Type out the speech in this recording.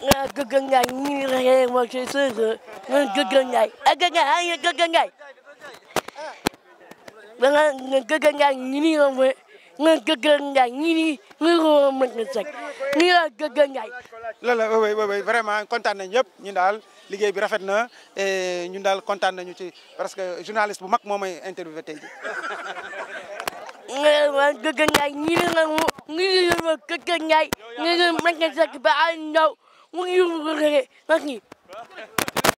Gaga Ndiaye ñu ngi rey ma ci séeréer man Gaga Ndiaye ak Gaga Ndiaye Gaga Ndiaye da nga ne Gaga Ndiaye ñu ngi romb man Gaga Ndiaye ñu ngi ñu romb ma ci sax ñu la Gaga Ndiaye. loolu la oui oui vraiment kontaan nañ ñëpp ñun daal liggéey bi rafet na ñun daal kontaan nañu ci parce que journaliste bu mag moo may interviewé tey jii. man Gaga Ndiaye ñu ngi romb ñu ngi romb Gaga Ndiaye ñu ngi ma ci sax ba ànd ndaw. mu ngi yóbbu ko rek